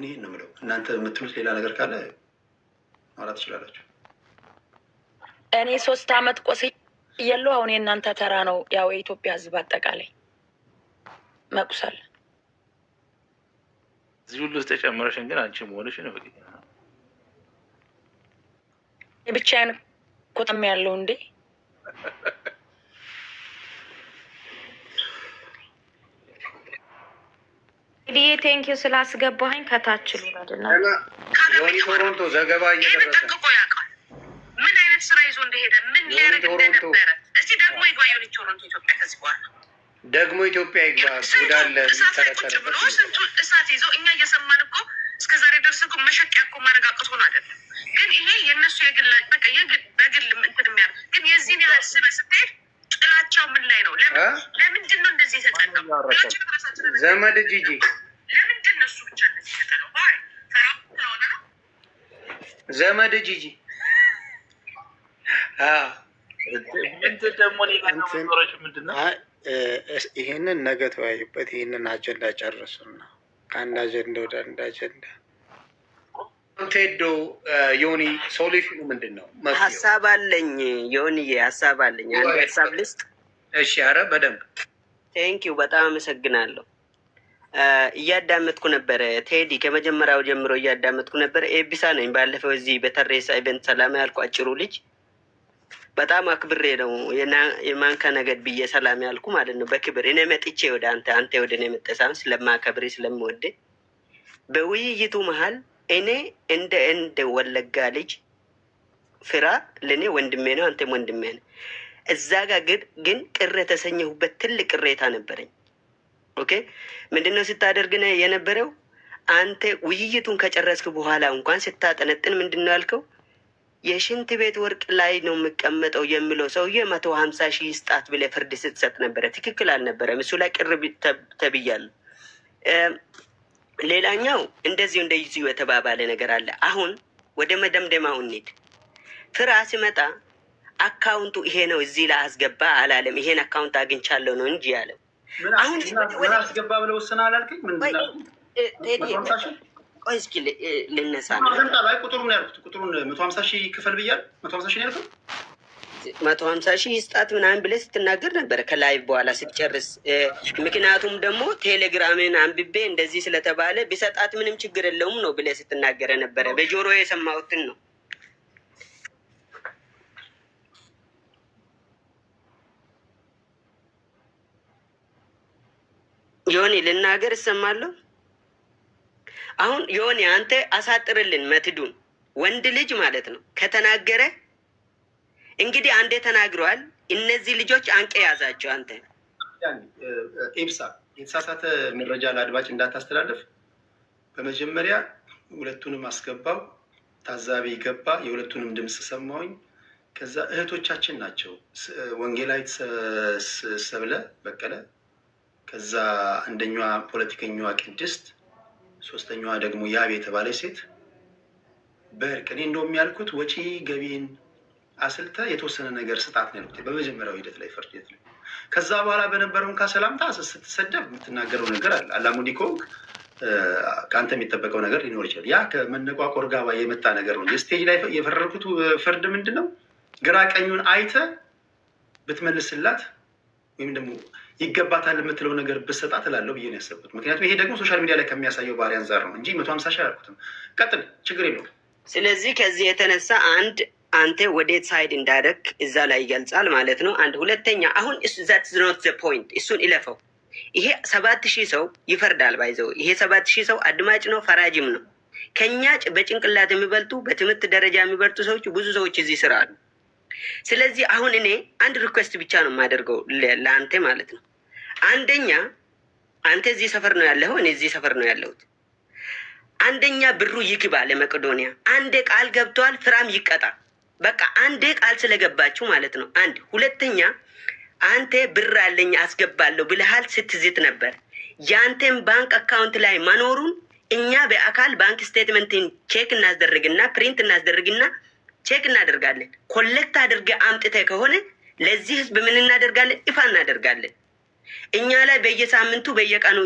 እኔ ነው የምለው። እናንተ የምትሉት ሌላ ነገር ካለ ማውራት ትችላላችሁ። እኔ ሶስት አመት ቆስ የለው አሁን የእናንተ ተራ ነው። ያው የኢትዮጵያ ህዝብ አጠቃላይ መቁሰል እዚህ ሁሉ ውስጥ ተጨምረሽን ግን አንቺ መሆንሽ ነው ብቻዬን ኮተም ያለው እንዴ እንግዲህ ቴንኪዩ ስላስገባኝ ከታች ቶሮንቶ ዘገባ ምን አይነት ስራ ይዞ እንደሄደ ምን ሊያደርግ እንደነበረ እስቲ ደግሞ ይግባ። ቶሮንቶ ኢትዮጵያ ከዚህ በኋላ ደግሞ ኢትዮጵያ ይግባ። ጉዳለ ቁጭ ብሎ ስንቱ እሳት ይዞ እኛ እየሰማን እኮ እስከዛሬ ደርስ እኮ መሸቂያ እኮ ማረጋቀት ሆን አይደለም። ግን ይሄ የእነሱ የግል በቃ በግል እንትን የሚያደርግ ግን የዚህን ያህል ስበ ስትሄድ ጥላቻው ምን ላይ ነው? ለምንድን ነው እንደዚህ የተጠቀሙ? ዘመድ ጂጂ ዘመድ ጂጂ ይሄንን ነገ ተወያዩበት። ይሄንን አጀንዳ ጨርሱና ከአንድ አጀንዳ ወደ አንድ አጀንዳ ቴዶ ዮኒ ሶሉሽኑ ምንድን ነው? ሀሳብ አለኝ ዮኒዬ፣ ሀሳብ አለኝ። አንድ ሀሳብ ልስጥ። እሺ፣ አረ በደንብ ቴንኪው። በጣም አመሰግናለሁ። እያዳመጥኩ ነበረ። ቴዲ ከመጀመሪያው ጀምሮ እያዳመጥኩ ነበረ። ኤቢሳ ነኝ። ባለፈው እዚህ በተሬሳ ኢቨንት ሰላም ያልኩ አጭሩ ልጅ በጣም አክብሬ ነው የማንካ ነገድ ብዬ ሰላም ያልኩ ማለት ነው። በክብር እኔ መጥቼ ወደ አንተ አንተ ወደ እኔ መጠሳም ስለማከብሬ ስለምወደ በውይይቱ መሀል እኔ እንደ እንደ ወለጋ ልጅ ፍራ ለእኔ ወንድሜ ነው፣ አንተም ወንድሜ ነው። እዛ ጋ ግን ቅር የተሰኘሁበት ትልቅ ቅሬታ ነበረኝ። ኦኬ ምንድነው ስታደርግን የነበረው? አንተ ውይይቱን ከጨረስክ በኋላ እንኳን ስታጠነጥን ምንድነው ያልከው? የሽንት ቤት ወርቅ ላይ ነው የምቀመጠው የሚለው ሰውዬ መቶ ሀምሳ ሺህ ስጣት ብለህ ፍርድ ስትሰጥ ነበረ። ትክክል አልነበረም። እሱ ላይ ቅር ተብያለሁ። ሌላኛው እንደዚሁ እንደዚሁ የተባባለ ነገር አለ። አሁን ወደ መደምደማው እንሂድ። ፍራ ሲመጣ አካውንቱ ይሄ ነው እዚህ ላይ አስገባ አላለም። ይሄን አካውንት አግኝቻለሁ ነው እንጂ ያለው አሁን አስገባ ብለህ ወስነህ አላልከኝ? ቆይ እስኪ ልነሳ ቁጥሩን ነው ያልኩት። ቁጥሩን መቶ ሀምሳ ሺህ ክፈል ብያለሁ። መቶ ሀምሳ ሺህ ነው ያልኩት። መቶ ሀምሳ ሺህ ስጣት ምናምን ብለህ ስትናገር ነበረ ከላይቭ በኋላ ስትጨርስ። ምክንያቱም ደግሞ ቴሌግራምን አንብቤ እንደዚህ ስለተባለ ቢሰጣት ምንም ችግር የለውም ነው ብለህ ስትናገረ ነበረ። በጆሮ የሰማሁትን ነው ዮኒ ልናገር እሰማለሁ። አሁን ዮኒ አንተ አሳጥርልን መትዱን ወንድ ልጅ ማለት ነው ከተናገረ እንግዲህ አንዴ ተናግረዋል። እነዚህ ልጆች አንቀ ያዛቸው። አንተ ኤብሳ የተሳሳተ መረጃ ለአድማጭ እንዳታስተላለፍ በመጀመሪያ ሁለቱንም አስገባው። ታዛቢ ገባ፣ የሁለቱንም ድምፅ ሰማውኝ ከዛ እህቶቻችን ናቸው ወንጌላዊት ሰብለ በቀለ ከዛ አንደኛዋ ፖለቲከኛዋ ቅድስት፣ ሶስተኛዋ ደግሞ ያብ የተባለች ሴት በእርቅ እኔ እንደውም ያልኩት ወጪ ገቢን አስልተ የተወሰነ ነገር ስጣት ነው ያልኩት በመጀመሪያው ሂደት ላይ ፍርድ ቤት ላይ። ከዛ በኋላ በነበረውን ካሰላምታ ስትሰደብ የምትናገረው ነገር አለ አላሙዲ ከአንተ የሚጠበቀው ነገር ሊኖር ይችላል። ያ ከመነቋቆር ጋባ የመጣ ነገር ነው። የስቴጅ ላይ የፈረድኩት ፍርድ ምንድን ነው? ግራ ቀኙን አይተ ብትመልስላት ወይም ደግሞ ይገባታል የምትለው ነገር ብሰጣት እላለሁ ብዬ ነው ያሰብኩት። ምክንያቱም ይሄ ደግሞ ሶሻል ሚዲያ ላይ ከሚያሳየው ባህሪ አንጻር ነው እንጂ መቶ ሀምሳ ሺህ አላልኩትም። ቀጥል፣ ችግር የለውም። ስለዚህ ከዚህ የተነሳ አንድ አንተ ወዴት ሳይድ እንዳደረግ እዛ ላይ ይገልጻል ማለት ነው። አንድ ሁለተኛ፣ አሁን ዛት ኖት ዘ ፖይንት፣ እሱን ይለፈው። ይሄ ሰባት ሺህ ሰው ይፈርዳል ባይዘው። ይሄ ሰባት ሺህ ሰው አድማጭ ነው ፈራጅም ነው። ከኛ በጭንቅላት የሚበልጡ በትምህርት ደረጃ የሚበልጡ ሰዎች ብዙ ሰዎች እዚህ ስራ አሉ። ስለዚህ አሁን እኔ አንድ ሪኩዌስት ብቻ ነው የማደርገው ለአንተ ማለት ነው። አንደኛ አንተ እዚህ ሰፈር ነው ያለው፣ እኔ እዚህ ሰፈር ነው ያለሁት። አንደኛ ብሩ ይግባ ለመቄዶንያ። አንዴ ቃል ገብተዋል፣ ፍራም ይቀጣ። በቃ አንዴ ቃል ስለገባችሁ ማለት ነው። አንድ ሁለተኛ አንተ ብር አለኝ አስገባለሁ ብለሃል ስትዝት ነበር። የአንተን ባንክ አካውንት ላይ መኖሩን እኛ በአካል ባንክ ስቴትመንትን ቼክ እናስደርግና ፕሪንት እናስደርግና ቼክ እናደርጋለን። ኮሌክት አድርገ አምጥተ ከሆነ ለዚህ ህዝብ ምን እናደርጋለን? ይፋ እናደርጋለን። እኛ ላይ በየሳምንቱ በየቀኑ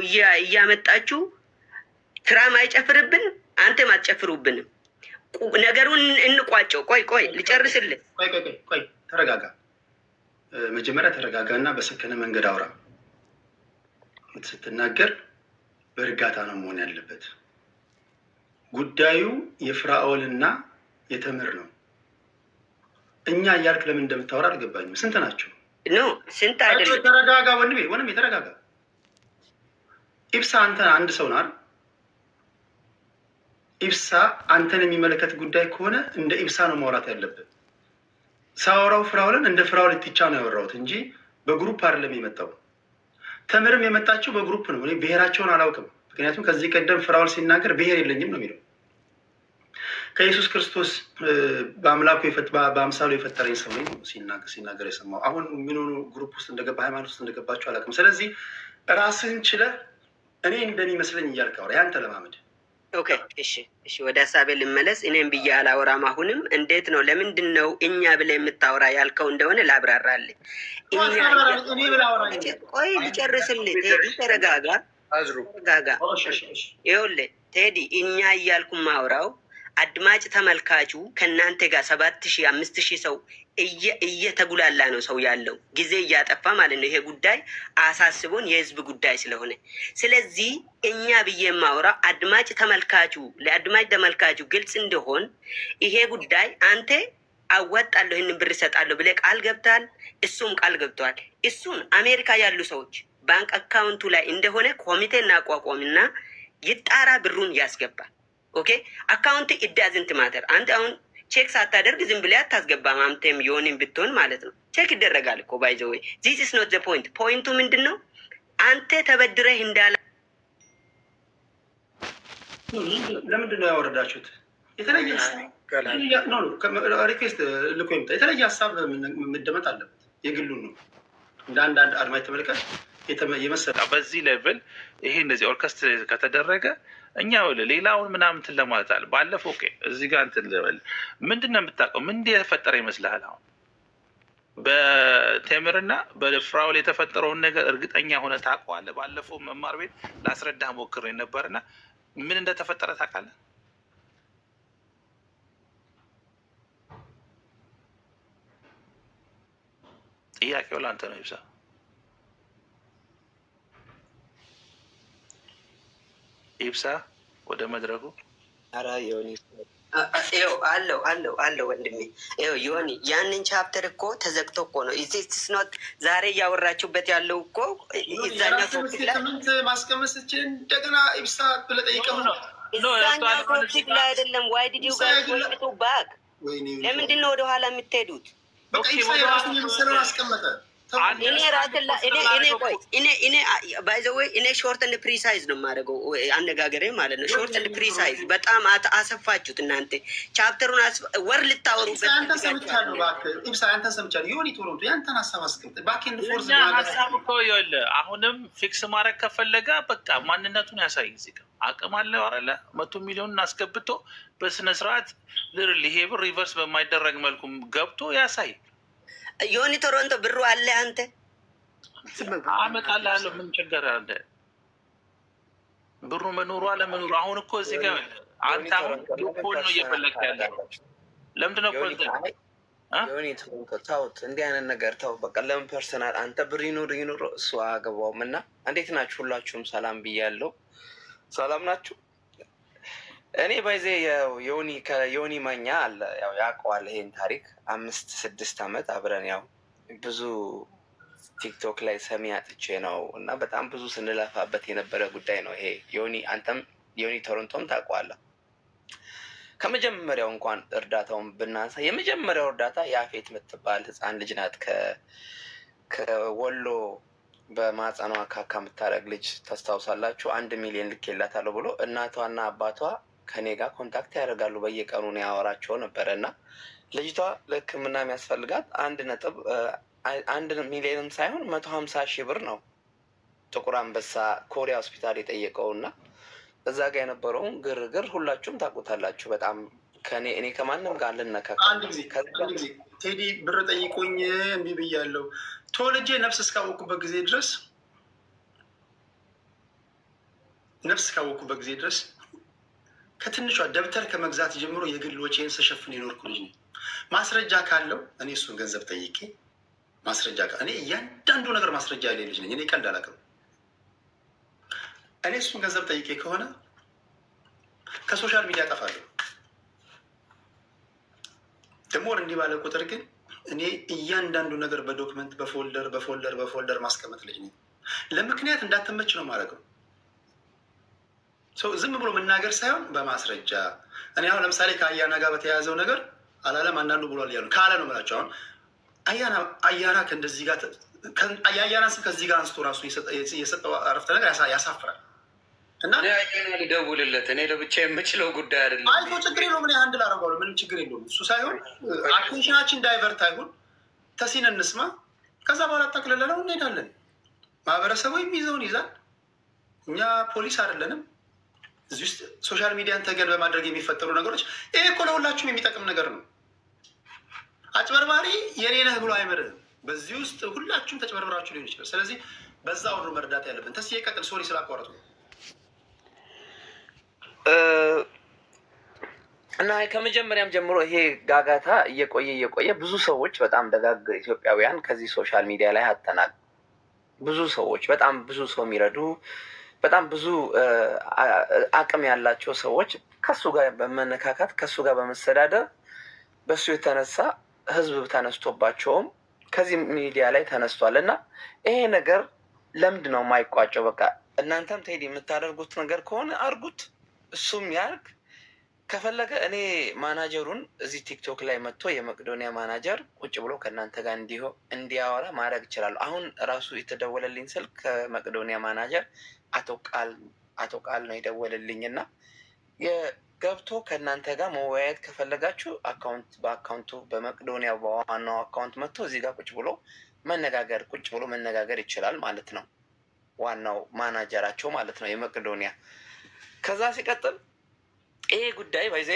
እያመጣችሁ ትራም አይጨፍርብን፣ አንተም አትጨፍሩብንም። ነገሩን እንቋጨው። ቆይ ቆይ ልጨርስልን። ቆይ ቆይ ቆይ፣ ተረጋጋ። መጀመሪያ ተረጋጋ እና በሰከነ መንገድ አውራ። ስትናገር በእርጋታ ነው መሆን ያለበት። ጉዳዩ የፍራኦልና የተምር ነው። እኛ እያልክ ለምን እንደምታወራ አልገባኝም። ስንት ናቸው? ኖ ስንት አይደለም። ተረጋጋ ወንድሜ፣ ወንድሜ ተረጋጋ። ኢብሳ አንተ አንድ ሰው ናል። ኢብሳ አንተን የሚመለከት ጉዳይ ከሆነ እንደ ኢብሳ ነው ማውራት ያለብን። ሳወራው ፍራውልን እንደ ፍራውል ትቻ ነው ያወራሁት እንጂ በግሩፕ አይደለም የመጣው። ተምርም የመጣችው በግሩፕ ነው። እኔ ብሔራቸውን አላውቅም። ምክንያቱም ከዚህ ቀደም ፍራውል ሲናገር ብሔር የለኝም ነው የሚለው ከኢየሱስ ክርስቶስ በአምላኩ በአምሳሉ የፈጠረኝ ሰው ነኝ ሲናገር የሰማው አሁን የሚኖኑ ሆኑ ግሩፕ ውስጥ እንደገባ ሃይማኖት ውስጥ እንደገባቸው አላውቅም። ስለዚህ ራስህን ችለህ እኔ እንደኔ ይመስለኝ እያልክ አውራ። ያንተ ለማመድ ኦኬ። እሺ፣ እሺ፣ ወደ ሀሳቤ ልመለስ። እኔም ብዬ አላወራም። አሁንም እንዴት ነው ለምንድን ነው እኛ ብለህ የምታወራ ያልከው እንደሆነ ላብራራልኝ። ቆይ ልጨርስልህ፣ ቴዲ ተረጋጋ፣ ተረጋጋ። ይኸውልህ ቴዲ እኛ እያልኩ ማውራው አድማጭ ተመልካቹ ከእናንተ ጋር ሰባት ሺህ አምስት ሺህ ሰው እየተጉላላ ነው ሰው ያለው ጊዜ እያጠፋ ማለት ነው። ይሄ ጉዳይ አሳስቦን የህዝብ ጉዳይ ስለሆነ ስለዚህ እኛ ብዬ የማወራ አድማጭ ተመልካቹ ለአድማጭ ተመልካቹ ግልጽ እንደሆን ይሄ ጉዳይ አንተ አወጣለሁ ይህንን ብር እሰጣለሁ ብለህ ቃል ገብተሃል፣ እሱም ቃል ገብተዋል። እሱን አሜሪካ ያሉ ሰዎች ባንክ አካውንቱ ላይ እንደሆነ ኮሚቴ እናቋቋምና ይጣራ፣ ብሩን ያስገባል። ኦኬ አካውንት ኢዳዝንት ማተር አንተ አሁን ቼክ ሳታደርግ ዝም ብለህ አታስገባም። አምተም የሆንም ብትሆን ማለት ነው ቼክ ይደረጋል እኮ ባይዘ ወይ ዚስ ኢስ ኖት ዘ ፖይንት። ፖይንቱ ምንድን ነው? አንተ ተበድረህ እንዳለ ለምንድን ነው ያወረዳችሁት? የተለየ ሪኩዌስት ልኮ ሀሳብ መደመጥ አለበት። የግሉ ነው እንደ አንዳንድ አድማጭ ተመልከት የመሰለ በዚህ ሌቭል ይሄ እንደዚህ ኦርኬስትሬት ከተደረገ እኛ ሌላውን ምናምን እንትን ለማለት አለ ባለፈው ኦኬ እዚህ ጋር እንትን ልበል ምንድን ነው የምታውቀው? ምንድን የተፈጠረ ይመስልሃል? አሁን በቴምርና በፍራውል የተፈጠረውን ነገር እርግጠኛ ሆነ ታውቀዋለህ? ባለፈው መማር ቤት ላስረዳ ሞክር ነበርና ምን እንደተፈጠረ ታውቃለህ? ጥያቄው ለአንተ ነው ይብሳ። ኢብሳ ወደ መድረኩ ኧረ ዮኒ አለው አለው አለው ወንድሜ ው ዮኒ ያንን ቻፕተር እኮ ተዘግቶ እኮ ነው እዚ ስኖት ዛሬ እያወራችሁበት ያለው እኮ እዛኛው ቶፒክ ላይ ማስቀመጥ ስችል እንደገና ኢብሳ ብለህ ጠይቀው ነው አይደለም። ዋይ ዲድ ዩ ጋይስ ጎይቱ ባክ? ለምንድን ነው ወደኋላ የምትሄዱት? በቃ ኢብሳ የራሱን የምስለውን አስቀመጠ። ባይዘወይ እኔ ሾርት እንድ ፕሪሳይዝ ነው የማደርገው፣ አነጋገሬ ማለት ነው። ሾርት ፕሪሳይዝ በጣም አሰፋችሁት እናንተ። ቻፕተሩን ወር ልታወሩበት አሁንም ፊክስ ማድረግ ከፈለገ በቃ ማንነቱን ያሳይ። ዜጋ አቅም አለው አለ መቶ ሚሊዮን አስገብቶ በስነስርዓት ልርል ይሄ ብር ሪቨርስ በማይደረግ መልኩም ገብቶ ያሳይ። ዮኒ ቶሮንቶ ብሩ አለ አንተ አመጣልሃለሁ። ምን ችግር አለ? ብሩ መኖሩ አለመኖሩ አሁን እኮ እዚህ ጋር አንተ አሁን ዶኮል ነው እየፈለግ ያለ ለምንድነው? ዮኒ ቶሮንቶ ተውት፣ እንዲህ አይነት ነገር ተው። በቃ ለምን ፐርሰናል አንተ ብር ይኑር ይኑር እሱ አያገባውም። እና እንዴት ናችሁ? ሁላችሁም ሰላም ብያለሁ። ሰላም ናችሁ? እኔ ባይዜ የዮኒ መኛ አለ ያው ያውቀዋል ይሄን ታሪክ አምስት ስድስት ዓመት አብረን ያው ብዙ ቲክቶክ ላይ ሰሚ አጥቼ ነው እና በጣም ብዙ ስንለፋበት የነበረ ጉዳይ ነው ይሄ ዮኒ አንተም ዮኒ ቶሮንቶም ታውቀዋለህ። ከመጀመሪያው እንኳን እርዳታውን ብናንሳ የመጀመሪያው እርዳታ የአፌት የምትባል ህፃን ልጅ ናት። ከወሎ በማፀኗ ካካ የምታደርግ ልጅ ተስታውሳላችሁ አንድ ሚሊዮን ልኬላታለሁ ብሎ እናቷና አባቷ ከኔ ጋር ኮንታክት ያደርጋሉ። በየቀኑ ነው ያወራቸው ነበረ እና ልጅቷ ለሕክምና የሚያስፈልጋት አንድ ነጥብ አንድ ሚሊዮንም ሳይሆን መቶ ሀምሳ ሺህ ብር ነው ጥቁር አንበሳ ኮሪያ ሆስፒታል የጠየቀው እና እዛ ጋር የነበረውን ግርግር ሁላችሁም ታውቁታላችሁ። በጣም ከኔ እኔ ከማንም ጋር ልነካከል ቴዲ ብር ጠይቆኝ እምቢ ብያለሁ። ተወልጄ ነፍስ እስካወቅኩበት ጊዜ ድረስ ነፍስ እስካወቅኩበት ጊዜ ድረስ ከትንሿ ደብተር ከመግዛት ጀምሮ የግል ወጪን ስሸፍን የኖርኩ ልጅ ነው። ማስረጃ ካለው እኔ እሱን ገንዘብ ጠይቄ ማስረጃ እኔ እያንዳንዱ ነገር ማስረጃ ያለ ልጅ ነኝ። እኔ ቀልድ አላውቅም። እኔ እሱን ገንዘብ ጠይቄ ከሆነ ከሶሻል ሚዲያ ጠፋለሁ። ደግሞ ወር እንዲህ ባለ ቁጥር ግን እኔ እያንዳንዱ ነገር በዶክመንት በፎልደር በፎልደር በፎልደር ማስቀመጥ ልጅ ነኝ። ለምክንያት እንዳትመች ነው ማድረግ ሰው ዝም ብሎ መናገር ሳይሆን በማስረጃ እኔ አሁን ለምሳሌ ከአያና ጋር በተያያዘው ነገር አላለም አንዳንዱ ብሏል ያሉ ካለ ነው የምላቸው። አሁን አያና አያና ከእንደዚህ ጋር የአያና ስም ከዚህ ጋር አንስቶ ራሱ የሰጠው አረፍተ ነገር ያሳፍራል። እና አያና ልደውልለት እኔ ለብቻ የምችለው ጉዳይ አይደለም። አይ ችግር የለውም እኔ አንድ ላረጓሉ ምንም ችግር የለውም። እሱ ሳይሆን አቴንሽናችን ዳይቨርት አይሁን፣ ተሲን እንስማ። ከዛ በኋላ ታክለለነው እንሄዳለን። ማህበረሰቡ የሚይዘውን ይዛል። እኛ ፖሊስ አይደለንም። እዚህ ውስጥ ሶሻል ሚዲያን ተገን በማድረግ የሚፈጠሩ ነገሮች ይህ እኮ ለሁላችሁም የሚጠቅም ነገር ነው። አጭበርባሪ የኔ ነህ ብሎ አይምርህም። በዚህ ውስጥ ሁላችሁም ተጭበርብራችሁ ሊሆን ይችላል። ስለዚህ በዛ ሁሉ መርዳት ያለብን ተስ ቀጥል። ሶሪ ስላቋረጡ እና ከመጀመሪያም ጀምሮ ይሄ ጋጋታ እየቆየ እየቆየ ብዙ ሰዎች በጣም ደጋግ ኢትዮጵያውያን ከዚህ ሶሻል ሚዲያ ላይ አጥተናል። ብዙ ሰዎች በጣም ብዙ ሰው የሚረዱ በጣም ብዙ አቅም ያላቸው ሰዎች ከሱ ጋር በመነካካት ከሱ ጋር በመሰዳደር በሱ የተነሳ ህዝብ ተነስቶባቸውም ከዚህ ሚዲያ ላይ ተነስቷል እና ይሄ ነገር ለምንድን ነው የማይቋጨው? በቃ እናንተም ቴዲ የምታደርጉት ነገር ከሆነ አርጉት፣ እሱም ያርግ። ከፈለገ እኔ ማናጀሩን እዚህ ቲክቶክ ላይ መጥቶ የመቅዶኒያ ማናጀር ቁጭ ብሎ ከእናንተ ጋር እንዲያወራ ማድረግ ይችላሉ። አሁን ራሱ የተደወለልኝ ስልክ ከመቅዶኒያ ማናጀር አቶ ቃል አቶ ቃል ነው የደወለልኝ እና ገብቶ ከእናንተ ጋር መወያየት ከፈለጋችሁ አካውንት በአካውንቱ በመቅዶኒያ በዋናው አካውንት መጥቶ እዚህ ጋር ቁጭ ብሎ መነጋገር ቁጭ ብሎ መነጋገር ይችላል ማለት ነው። ዋናው ማናጀራቸው ማለት ነው የመቅዶኒያ። ከዛ ሲቀጥል ይሄ ጉዳይ ባይዜ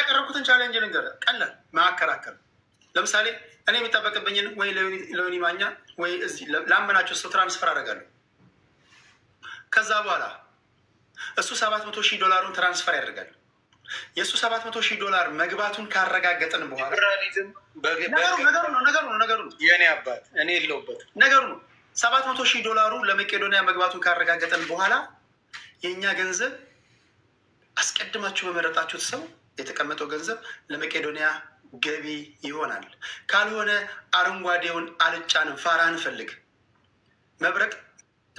ያቀረብኩትን ቻሌንጅ ልንገር፣ ቀላል ማከራከር። ለምሳሌ እኔ የሚጠበቅብኝን ወይ ለዮኒ ማኛ ወይ እዚህ ላመናቸው ሰው ትራንስፈር አደርጋለሁ ከዛ በኋላ እሱ ሰባት መቶ ሺህ ዶላሩን ትራንስፈር ያደርጋል። የእሱ ሰባት መቶ ሺህ ዶላር መግባቱን ካረጋገጥን በኋላ ነገሩ ነው ነገሩ ነው የኔ አባት እኔ የለውበት ነገሩ ነው። ሰባት መቶ ሺህ ዶላሩ ለመቄዶንያ መግባቱን ካረጋገጠን በኋላ የእኛ ገንዘብ አስቀድማችሁ በመረጣችሁት ሰው የተቀመጠው ገንዘብ ለመቄዶንያ ገቢ ይሆናል። ካልሆነ አረንጓዴውን አልጫንም ፋራ እንፈልግ መብረቅ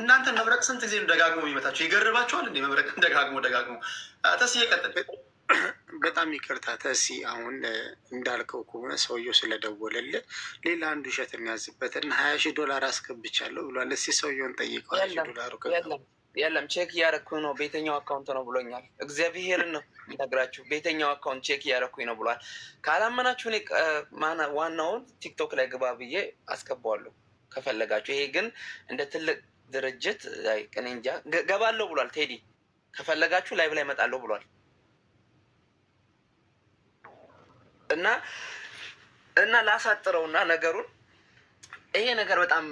እናንተ መብረቅ ስንት ጊዜ ደጋግሞ የሚመታቸው ይገርባቸዋል። እንደ መብረቅ ደጋግሞ ደጋግሞ ተስ እየቀጠል በጣም ይቅርታ ተሲ፣ አሁን እንዳልከው ከሆነ ሰውየው ስለደወለልህ ሌላ አንዱ ውሸት የሚያዝበትን ሀያ ሺህ ዶላር አስገብቻለሁ ብሏል። እስኪ ሰውየውን ጠይቀው። ሀያ ሺህ ዶላሩ የለም ቼክ እያረኩ ነው፣ ቤተኛው አካውንት ነው ብሎኛል። እግዚአብሔርን ነው ነግራችሁ፣ ቤተኛው አካውንት ቼክ እያረኩኝ ነው ብሏል። ካላመናችሁ እኔ ዋናውን ቲክቶክ ላይ ግባ ብዬ አስገባዋለሁ ከፈለጋችሁ። ይሄ ግን እንደ ትልቅ ድርጅት ቅንንጃ እንጃ ገባለሁ ብሏል። ቴዲ ከፈለጋችሁ ላይብ ላይ እመጣለሁ ብሏል እና እና ላሳጥረውና ነገሩን ይሄ ነገር በጣም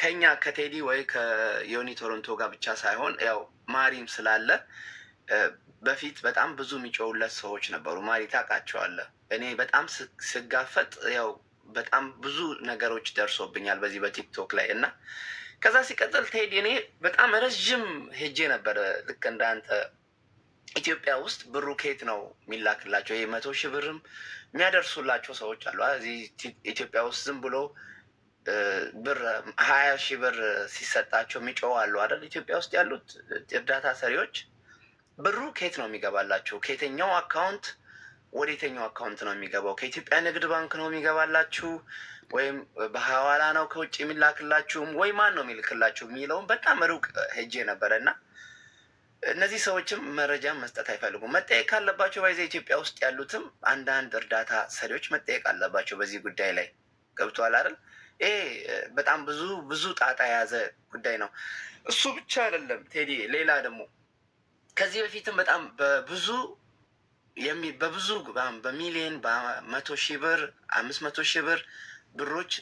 ከኛ ከቴዲ ወይ ከዮኒ ቶሮንቶ ጋር ብቻ ሳይሆን ያው ማሪም ስላለ በፊት በጣም ብዙ የሚጮውለት ሰዎች ነበሩ። ማሪ ታውቃቸዋለህ። እኔ በጣም ስጋፈጥ ያው በጣም ብዙ ነገሮች ደርሶብኛል በዚህ በቲክቶክ ላይ እና ከዛ ሲቀጥል ቴዲ እኔ በጣም ረዥም ሄጄ ነበር። ልክ እንዳንተ ኢትዮጵያ ውስጥ ብሩ ከየት ነው የሚላክላቸው? ይህ መቶ ሺህ ብርም የሚያደርሱላቸው ሰዎች አሉ። እዚህ ኢትዮጵያ ውስጥ ዝም ብሎ ብር ሀያ ሺህ ብር ሲሰጣቸው የሚጮው አሉ አይደል? ኢትዮጵያ ውስጥ ያሉት እርዳታ ሰሪዎች ብሩ ከየት ነው የሚገባላቸው? ከየተኛው አካውንት ወደ የተኛው አካውንት ነው የሚገባው? ከኢትዮጵያ ንግድ ባንክ ነው የሚገባላችሁ ወይም በሐዋላ ነው ከውጭ የሚላክላችሁም ወይ ማን ነው የሚልክላችሁ የሚለውን በጣም ሩቅ ሄጄ ነበረ እና እነዚህ ሰዎችም መረጃ መስጠት አይፈልጉም። መጠየቅ ካለባቸው ባይዘ ኢትዮጵያ ውስጥ ያሉትም አንዳንድ እርዳታ ሰሪዎች መጠየቅ አለባቸው በዚህ ጉዳይ ላይ ገብቷል አይደል? ይሄ በጣም ብዙ ብዙ ጣጣ የያዘ ጉዳይ ነው። እሱ ብቻ አይደለም ቴዲ፣ ሌላ ደግሞ ከዚህ በፊትም በጣም በብዙ በብዙ በሚሊዮን በመቶ ሺህ ብር አምስት መቶ ሺህ ብር ብሮች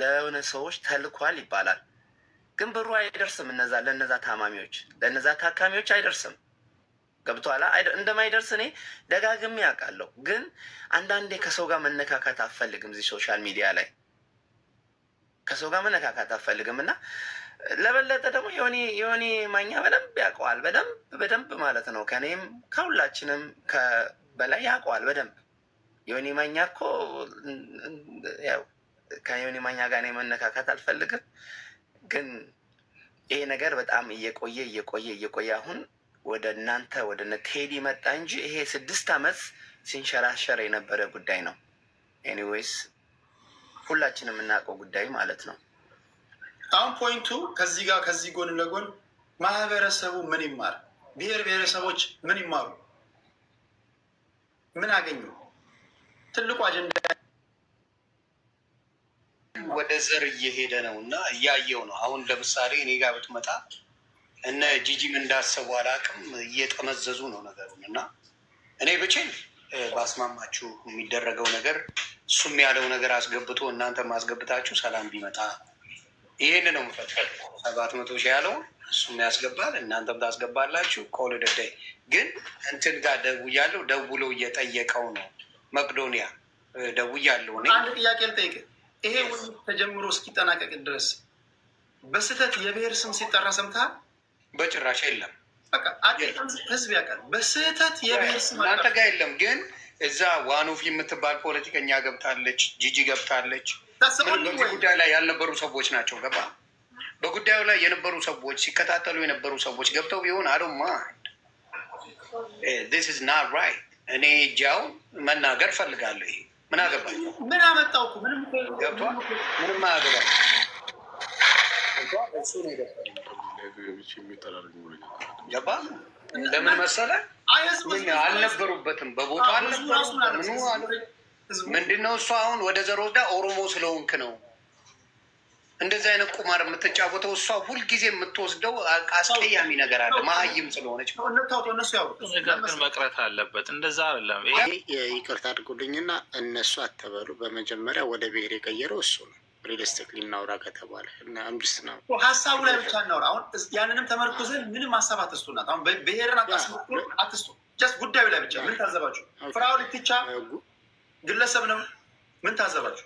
ለሆነ ሰዎች ተልኳል ይባላል። ግን ብሩ አይደርስም እነዛ ለእነዛ ታማሚዎች ለእነዛ ታካሚዎች አይደርስም። ገብቶሃል? እንደማይደርስ እኔ ደጋግሜ ያውቃለሁ። ግን አንዳንዴ ከሰው ጋር መነካካት አፈልግም። እዚህ ሶሻል ሚዲያ ላይ ከሰው ጋር መነካካት አፈልግም እና ለበለጠ ደግሞ የሆኔ የሆኔ ማኛ በደንብ ያውቀዋል። በደንብ በደንብ ማለት ነው ከእኔም ከሁላችንም በላይ ያውቀዋል በደንብ የሆኔ ማኛ እኮ ያው ከዮኒ ማኛ ጋር መነካካት አልፈልግም። ግን ይሄ ነገር በጣም እየቆየ እየቆየ እየቆየ አሁን ወደ እናንተ ወደ ቴዲ መጣ እንጂ ይሄ ስድስት ዓመት ሲንሸራሸር የነበረ ጉዳይ ነው። ኤኒዌይስ ሁላችንም የምናውቀው ጉዳይ ማለት ነው። አሁን ፖይንቱ ከዚህ ጋር ከዚህ ጎን ለጎን ማህበረሰቡ ምን ይማር፣ ብሔር ብሔረሰቦች ምን ይማሩ፣ ምን አገኙ? ትልቁ አጀንዳ ወደ ዘር እየሄደ ነው እና እያየው ነው። አሁን ለምሳሌ እኔ ጋር ብትመጣ እነ ጂጂም እንዳሰቡ አላቅም እየጠመዘዙ ነው ነገሩን እና እኔ ብችል ባስማማችሁ የሚደረገው ነገር እሱም ያለው ነገር አስገብቶ እናንተ ማስገብታችሁ ሰላም ቢመጣ ይህን ነው ምፈጠር ሰባት መቶ ሺህ ያለው እሱም ያስገባል፣ እናንተም ታስገባላችሁ። ኮል ደዳይ ግን እንትን ጋር ደውያለሁ። ደውሎ እየጠየቀው ነው መቅዶኒያ ደውያለሁ። አንድ ጥያቄ ልጠይቅ ይሄ ውይይት ተጀምሮ እስኪጠናቀቅ ድረስ በስህተት የብሔር ስም ሲጠራ ሰምተሃል? በጭራሽ የለም። ህዝብ ያውቃል። በስህተት የብሔር ስም እናንተ ጋ የለም። ግን እዛ ዋኑፍ የምትባል ፖለቲከኛ ገብታለች፣ ጂጂ ገብታለች። ጉዳይ ላይ ያልነበሩ ሰዎች ናቸው ገባ። በጉዳዩ ላይ የነበሩ ሰዎች ሲከታተሉ የነበሩ ሰዎች ገብተው ቢሆን አዶማ ስ ናት ራይት። እኔ እጃው መናገር ፈልጋለሁ ይሄ ምን አገባ? ምን አመጣው? ምንም ገብቷል። ምንም አያገባኝ። እሱ ነው የገባኝ። ለምን መሰለ አልነበሩበትም፣ በቦታ አልነበሩ ምንድነው እሱ አሁን ወደ ዘሮዳ ኦሮሞ ስለሆንክ ነው እንደዚህ አይነት ቁማር የምትጫወተው እሷ ሁልጊዜ የምትወስደው አስቀያሚ ነገር አለ። መሀይም ስለሆነች ግን መቅረት አለበት። እንደዛ አይደለም። ይሄ ይቅርታ አድርጉልኝና እነሱ አተበሉ። በመጀመሪያ ወደ ብሔር የቀየረው እሱ ነው። ሪልስቲክ ሊናውራ ከተባለ አምስት ነው ሀሳቡ ላይ ብቻ እናውራ። አሁን ያንንም ተመርኮዘን ምንም ሀሳብ አትስቱናት። ናት። አሁን ብሔርን አትስቱ። ጀስት ጉዳዩ ላይ ብቻ ምን ታዘባችሁ? ፍራኦል ኢቲቻ ግለሰብ ነው። ምን ታዘባችሁ?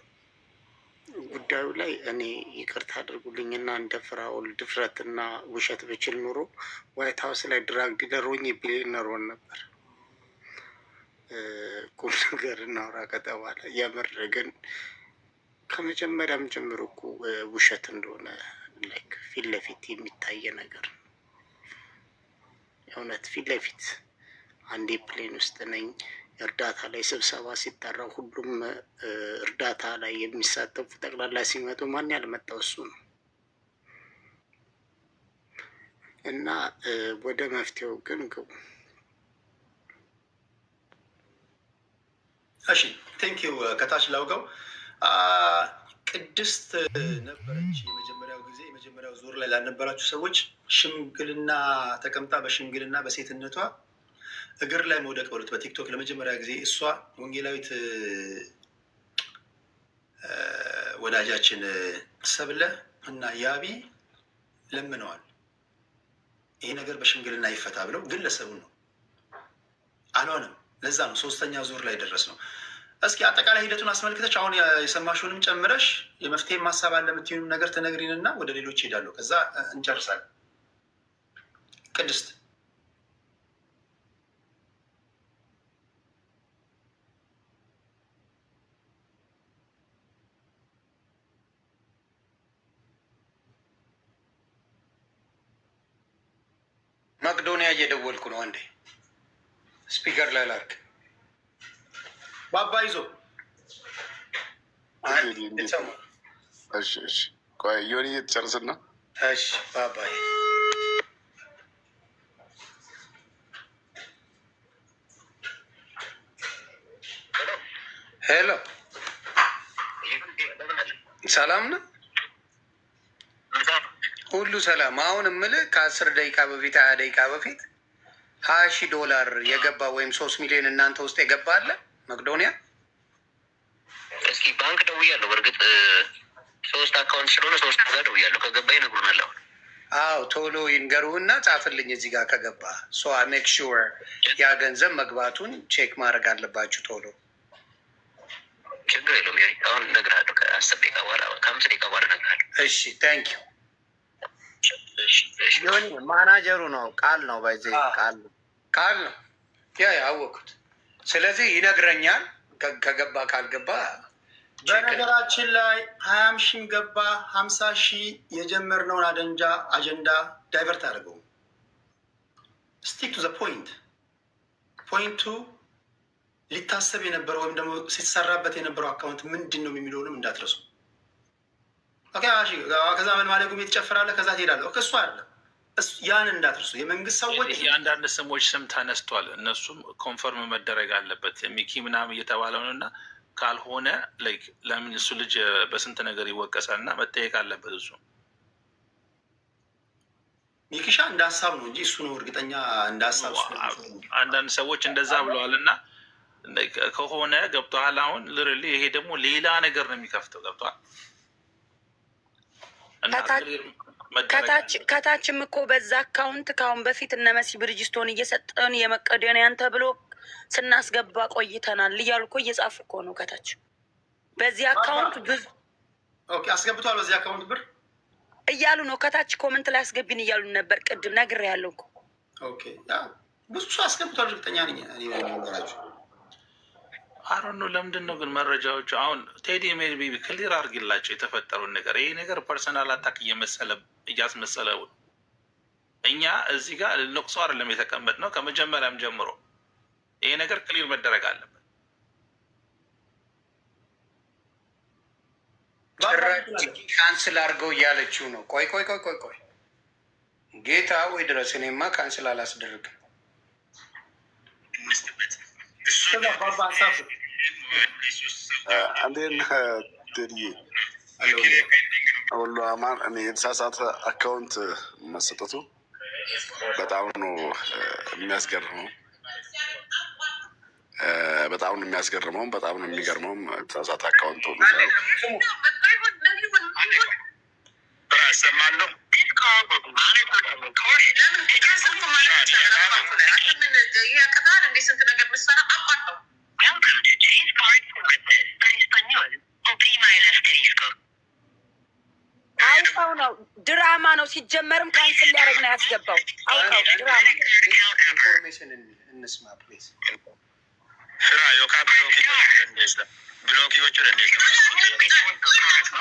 ጉዳዩ ላይ እኔ ይቅርታ አድርጉልኝና እንደ ድፍረት እና ውሸት ብችል ኑሮ ዋይት ሀውስ ላይ ድራግ ዲለሮኝ ቢሊነር ሆን ነበር። ቁም ነገር እናውራ ከተባለ የምር ግን ከመጀመሪያም ጀምሮ እኮ ውሸት እንደሆነ ላይክ ፊት ለፊት የሚታየ ነገር ነው። የእውነት ፊት ለፊት አንዴ ፕሌን ውስጥ ነኝ እርዳታ ላይ ስብሰባ ሲጠራ ሁሉም እርዳታ ላይ የሚሳተፉ ጠቅላላ ሲመጡ ማን ያልመጣው እሱ ነው። እና ወደ መፍትሄው ግን ግቡ። እሺ ቴንክ ዩ። ከታች ላውቀው ቅድስት ነበረች የመጀመሪያው ጊዜ የመጀመሪያው ዙር ላይ ላልነበራችሁ ሰዎች ሽምግልና ተቀምጣ በሽምግልና በሴትነቷ እግር ላይ መውደቅ በሉት። በቲክቶክ ለመጀመሪያ ጊዜ እሷ ወንጌላዊት ወዳጃችን ሰብለ እና ያቢ ለምነዋል። ይሄ ነገር በሽምግልና ይፈታ ብለው ግለሰቡን ነው አልሆነም። ለዛ ነው ሶስተኛ ዙር ላይ ደረስ ነው። እስኪ አጠቃላይ ሂደቱን አስመልክተች አሁን የሰማሽውንም ጨምረሽ የመፍትሄ ማሳብ አለ የምትሆኑም ነገር ተነግሪንና ወደ ሌሎች ይሄዳሉ። ከዛ እንጨርሳለን። ቅድስት መቅዶኒያ እየደወልኩ ነው። አንዴ ስፒከር ላይ ላድርግ። ባባ ይዞ ዮኒ ትጨርስና እሺ ባባ ሄሎ ሰላም ነው። ሁሉ ሰላም። አሁን የምልህ ከአስር ደቂቃ በፊት ሀያ ደቂቃ በፊት ሀያ ሺህ ዶላር የገባ ወይም ሶስት ሚሊዮን እናንተ ውስጥ የገባ አለ መቅዶኒያ። እስኪ ባንክ ደውያለሁ። በእርግጥ ሶስት አካውንት ስለሆነ ሶስት ዛ ደውያለሁ። ከገባ ይነግሩናል። አሁን አዎ፣ ቶሎ ይንገሩህና ጻፍልኝ እዚህ ጋር ከገባ ሶ ሜክ ሹር ያ ገንዘብ መግባቱን ቼክ ማድረግ አለባችሁ ቶሎ። ችግር የለውም። አሁን እነግርሃለሁ ከአስር ደቂቃ በኋላ ከአምስት ደቂቃ በኋላ እነግርሃለሁ። እሺ ታንክ ዩ። ዮኒ ማናጀሩ ነው። ቃል ነው ባይዘ ቃል ቃል ነው ያ ያወቅኩት። ስለዚህ ይነግረኛል ከገባ ካልገባ። በነገራችን ላይ ሀያም ሺም ገባ ሀምሳ ሺህ የጀመርነውን አደንጃ አጀንዳ ዳይቨርት አድርገው ስቲክ ቱ ዘ ፖይንት። ፖይንቱ ሊታሰብ የነበረው ወይም ደግሞ ሲሰራበት የነበረው አካውንት ምንድን ነው የሚለውንም እንዳትረሱ። ከዛ ምን ማለጉ ቤት ጨፍራለህ፣ ከዛ ትሄዳለህ። እሱ አይደለም ያን እንዳትርሱ። የመንግስት ሰዎች የአንዳንድ ስሞች ስም ተነስቷል። እነሱም ኮንፈርም መደረግ አለበት። ሚኪ ምናምን እየተባለው ነው እና ካልሆነ ለምን እሱ ልጅ በስንት ነገር ይወቀሳል እና መጠየቅ አለበት። እሱ ሚኪሻ እንደ ሀሳብ ነው እንጂ እሱ ነው እርግጠኛ እንደ ሀሳብ። አንዳንድ ሰዎች እንደዛ ብለዋል እና ከሆነ ገብቶሃል። አሁን ልርል ይሄ ደግሞ ሌላ ነገር ነው የሚከፍተው። ገብቶሃል ከታችም እኮ በዛ አካውንት ከአሁን በፊት እነ መሲ ብርጅስቶን እየሰጠን የመቀደንያን ተብሎ ስናስገባ ቆይተናል እያሉ እኮ እየጻፉ እኮ ነው። ከታች በዚህ አካውንት ብዙ አስገብተዋል፣ በዚህ አካውንት ብር እያሉ ነው። ከታች ኮመንት ላይ አስገቢን እያሉ ነበር። ቅድም ነግሬያለሁ እኮ ብዙ ሰው አስገብቷል። እርግጠኛ ነኝ ነገራቸው ነው። ለምንድን ነው ግን መረጃዎቹ አሁን ቴዲ ሜይ ክሊር አድርጊላቸው የተፈጠሩን ነገር ይሄ ነገር ፐርሰናል አታክ እየመሰለ እያስመሰለው እኛ እዚህ ጋር ልንቅሶ አይደለም የተቀመጥ ነው። ከመጀመሪያም ጀምሮ ይሄ ነገር ክሊር መደረግ አለበት። ካንስል አድርገው እያለችው ነው። ቆይ ቆይ ቆይ ቆይ ቆይ ጌታ ወይ ድረስ እኔማ ካንስል አላስደርግም ሁሉ አማን። እኔ የተሳሳተ አካውንት መሰጠቱ በጣም ነው የሚያስገርመው፣ በጣም ነው የሚያስገርመውም፣ በጣም ነው የሚገርመውም። የተሳሳተ አካውንት ሆኑ with monitor and recording. ለምን ስንት ማለት ይቻላል? ይህንን ይህ ቅጣል እንዴ ስንት ነገር ምሰራ አቋርጠው Welcome to Chase Card Services. Para español, oprima el asterisco. አውቀው ነው ድራማ ነው። ሲጀመርም ካንስል ሊያደርግ ነው ያስገባው። አውቀው ድራማ ነው። ኢንፎርሜሽን እንስማ ፕሊዝ። ስራ ዮካ ብሎኪዎቹ እንዴት ነው? ብሎኪዎቹ እንዴት ነው?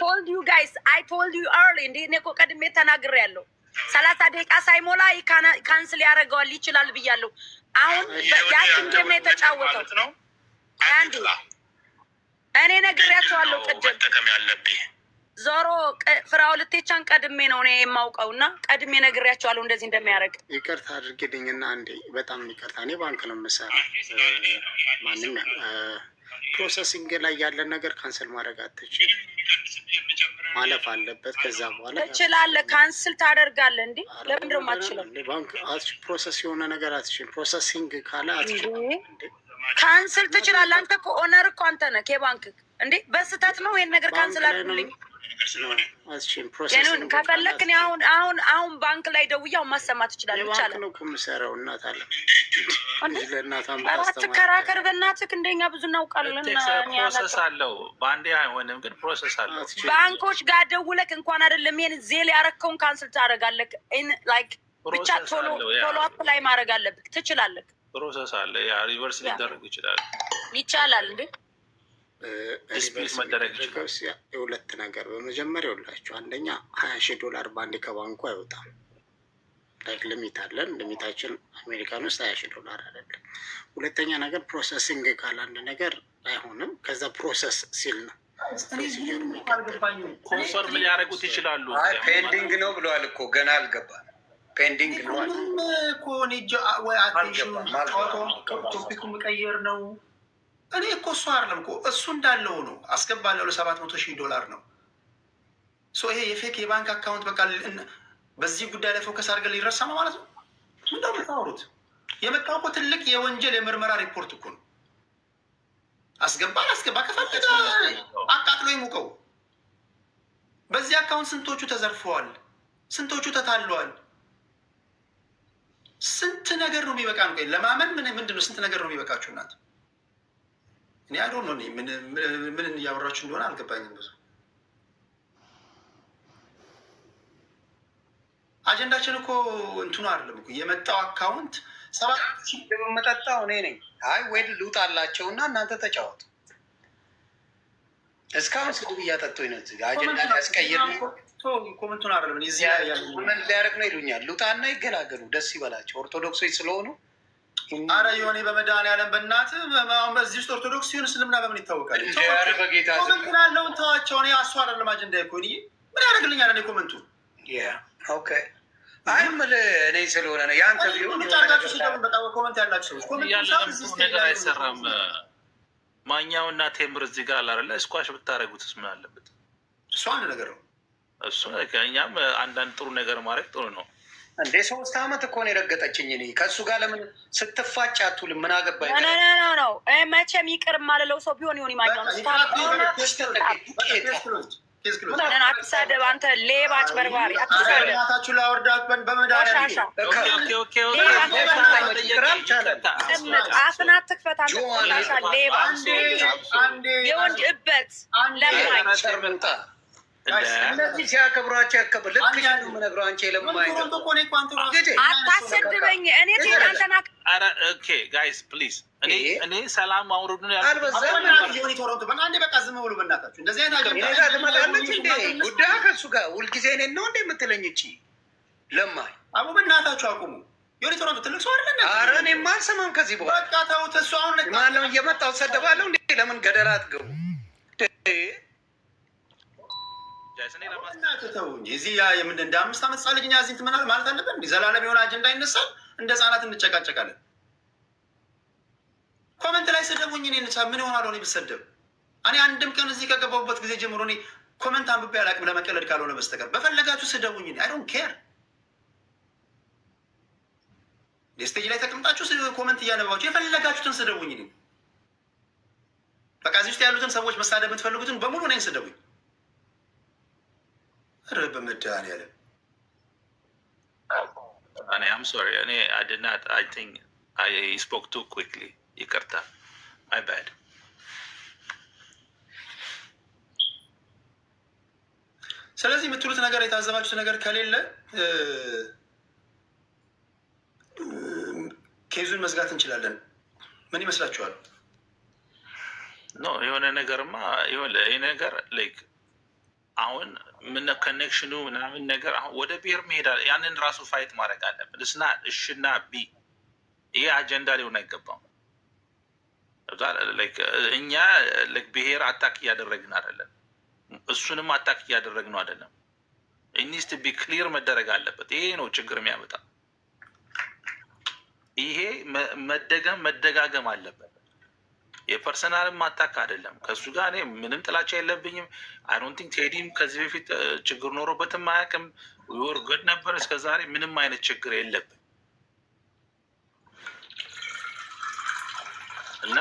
ቶልድ ዩ ጋይስ አይ ቶልድ ዩ አርሊ እንዴ እኔ እኮ ቀድሜ ተናግሬያለሁ። ሰላሳ ደቂቃ ሳይሞላ ካንስል ያደርገዋል ይችላል ብያለሁ። አሁን ያችን ጌም የተጫወተው። አንድ እኔ ነግሬያቸዋለሁ ቅድም ዞሮ ፍራው ልቴቻን ቀድሜ ነው እኔ የማውቀው እና ቀድሜ ነግሬያቸዋለሁ እንደዚህ እንደሚያደርግ። ይቅርታ አድርጌልኝና አንዴ በጣም ይቅርታ። እኔ ባንክ ነው የምሰራ ማንም ፕሮሰሲንግ ላይ ያለን ነገር ካንስል ማድረግ አትችል፣ ማለፍ አለበት። ከዛ በኋላ ትችላለ፣ ካንስል ታደርጋለ። እንዲ ለምንድን ነው ባንክ ፕሮሰስ የሆነ ነገር አትችል። ፕሮሰሲንግ ካለ አትችል። ካንስል ትችላለ። አንተ ኦነር እኮ አንተ ነህ። ከባንክ እንዴ በስህተት ነው ይሄን ነገር ካንስል አድርግልኝ ከፈለክን አሁን አሁን አሁን ባንክ ላይ ደውያው ማሰማት ይችላል። ባንክ ነው እኮ የምሰራው። እናት አለ አትከራከር፣ በእናትህ እንደኛ ብዙ እናውቃለን። ፕሮሰስ አለው፣ በአንዴ አይሆንም፣ ግን ፕሮሰስ አለው። ባንኮች ጋር ደውለክ እንኳን አይደለም ይሄን ዜል ያረከውን ካንስል ላይክ ብቻ ቶሎ ቶሎ አፕ ላይ ማድረግ ፕሮሰስ አለ፣ ሪቨርስ ሊደረግ ይችላል። ይቻላል እንዴ Eh, የሁለት ነገር በመጀመሪያ ይውላችሁ፣ አንደኛ ሀያ ሺህ ዶላር በአንድ ከባንኩ አይወጣም። ላይክ ልሚት አለን። ልሚታችን አሜሪካን ውስጥ ሀያ ሺህ ዶላር አይደለም። ሁለተኛ ነገር ፕሮሰሲንግ ካለ አንድ ነገር አይሆንም። ከዛ ፕሮሰስ ሲል ነው ኮንፈርም ሊያደርጉት ይችላሉ። ፔንዲንግ ነው ብለዋል እኮ ገና አልገባ ፔንዲንግ ነው አልገባ ቶፒኩ መቀየር ነው እኔ እኮ እሱ አይደለም እኮ እሱ እንዳለው ነው አስገባለሁ ለሰባት መቶ ሺህ ዶላር ነው። ይሄ የፌክ የባንክ አካውንት በቃ በዚህ ጉዳይ ላይ ፎከስ አድርገን ሊረሳ ነው ማለት ነው። ምንደ ምታወሩት የመጣው እኮ ትልቅ የወንጀል የምርመራ ሪፖርት እኮ ነው። አስገባ አስገባ ከፈለገ አቃጥሎ ይሙቀው። በዚህ አካውንት ስንቶቹ ተዘርፈዋል፣ ስንቶቹ ተታለዋል። ስንት ነገር ነው የሚበቃ ነው ለማመን ምንድነው ስንት ነገር ነው የሚበቃችሁ እናት እኔ አይዶ ነው ምን እያወራችሁ እንደሆነ አልገባኝም። ብዙ አጀንዳችን እኮ እንትኑ አይደለም እኮ የመጣው አካውንት ሰባት መጠጣው እኔ ነኝ። አይ ወይ ልውጣላቸው እና እናንተ ተጫወቱ። እስካሁን ስድብ እያጠጡኝ ነው። አጀንዳ ያስቀይር ኮመንቱን አይደለም ምን ሊያደርግ ነው ይሉኛል። ልውጣና ይገላገሉ፣ ደስ ይበላቸው። ኦርቶዶክሶች ስለሆኑ አረ የሆነ በመድኃኒዓለም በእናት አሁን በዚህ ውስጥ ኦርቶዶክስ ሲሆን እስልምና በምን ይታወቃል? ኮመንት ላለውን ተዋቸው። እኔ አሱ አይደለም አጀንዳ ይኮን ምን ያደርግልኛል? እኔ ኮመንቱ አይ እኔ ስለሆነ ነው የአንተ ቢሆን ጫርጋቸው በጣም ኮመንት ያላቸው ሰዎች አይሰራም። ማኛው እና ቴምር እዚህ ጋር አላለ ስኳሽ ብታደረጉትስ ምን አለበት? እሱ አንድ ነገር ነው። እሱ እኛም አንዳንድ ጥሩ ነገር ማድረግ ጥሩ ነው። እንዴ ሶስት አመት እኮ ነው የረገጠችኝ። እኔ ከእሱ ጋር ለምን ስትፋጭ አትውልም? ምን አገባኝ ነው መቼም ይቅር ማለለው ሰው ቢሆን ይሆን ይማኛው አንተ ሌባ አጭበርባሪ። እናታችሁ ላወርዳት በመድኃኒዓለም አፍን አትክፈት። አንተ ሌባ የወንድ እበት ለማኝ እነዚህ ሲያከብሯቸው ያከብር ልክ አታሰድበኝ። እኔ ጋይስ ፕሊዝ፣ እኔ ሰላም አውርዱ ነው ያልኩት። ትመጣለች ከሱ ጋር ሁልጊዜ ነው እንደ የምትለኝ እቺ ለማኝ አቡ በእናታችሁ አቁሙ። ዮኒ ቶሮንቶ ትልቅ ሰው አይደለ? አረ እኔ ከዚህ በኋላ በቃ ተውት። እሱ አሁን እየመጣው ሰደባለሁ እንዴ? ለምን ገደላ አትገቡ? እዚህ ምንድን እንደ አምስት ዓመት ህፃን ልጅ እኛ ትመናል ማለት አለብን። ዘላለም የሆነ አጀንዳ ይነሳል። እንደ ህጻናት እንጨቃጨቃለን። ኮመንት ላይ ስደቡኝ። እኔ ምን ይሆናል ሆነ ብሰደብ እኔ አንድም ቀን እዚህ ከገባሁበት ጊዜ ጀምሮ እኔ ኮመንት አንብቤ አላቅም፣ ለመቀለድ ካልሆነ በስተቀር በፈለጋችሁ ስደቡኝ። አይ ዶንት ኬር። ስቴጅ ላይ ተቀምጣችሁ ኮመንት እያነባችሁ የፈለጋችሁትን ስደቡኝ። በቃ እዚህ ውስጥ ያሉትን ሰዎች መሳደብ የምትፈልጉትን በሙሉ እኔን ስደቡኝ። ኧረ በመድኃኒዓለም አም ሶሪ እኔ አይ ቲንክ አይ ስፖክ ቱ ይቅርታ፣ ባድ። ስለዚህ የምትሉት ነገር የታዘባችሁት ነገር ከሌለ ኬዙን መዝጋት እንችላለን። ምን ይመስላችኋል? ኖ የሆነ ነገርማ የሆነ ነገር ላይክ አሁን ከኔክሽኑ ምናምን ነገር አሁን ወደ ብሔር መሄድ ያንን ራሱ ፋይት ማድረግ አለብን። እስና እሽና ቢ ይሄ አጀንዳ ሊሆን አይገባም። እኛ ብሔር አታክ እያደረግን አይደለም፣ እሱንም አታክ እያደረግን አይደለም። ኢኒስት ቢ ክሊር መደረግ አለበት። ይሄ ነው ችግር የሚያመጣ። ይሄ መደገም መደጋገም አለበት። የፐርሰናልም አታክ አይደለም። ከእሱ ጋር እኔ ምንም ጥላቻ የለብኝም። አይዶንቲንክ ቴዲም ከዚህ በፊት ችግር ኖሮበትም አያውቅም። ወር ገድ ነበር እስከዛሬ ምንም አይነት ችግር የለብን እና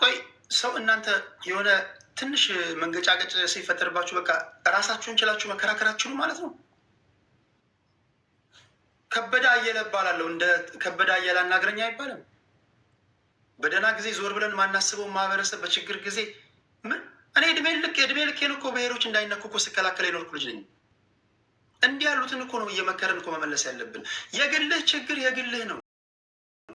ቆይ ሰው እናንተ የሆነ ትንሽ መንገጫገጭ ሲፈጠርባችሁ በቃ ራሳችሁን ችላችሁ መከራከራችሁን ማለት ነው። ከበደ አየለ እባላለሁ። እንደ ከበደ አየለ አናግረኝ አይባልም። በደህና ጊዜ ዞር ብለን ማናስበው ማህበረሰብ በችግር ጊዜ ምን እኔ እድሜ ልክ እድሜ ልኬን እኮ ብሔሮች እንዳይነኩ እኮ ስከላከል የኖርኩ ልጅ ነኝ። እንዲህ ያሉትን እኮ ነው እየመከረን እኮ መመለስ ያለብን። የግልህ ችግር የግልህ ነው።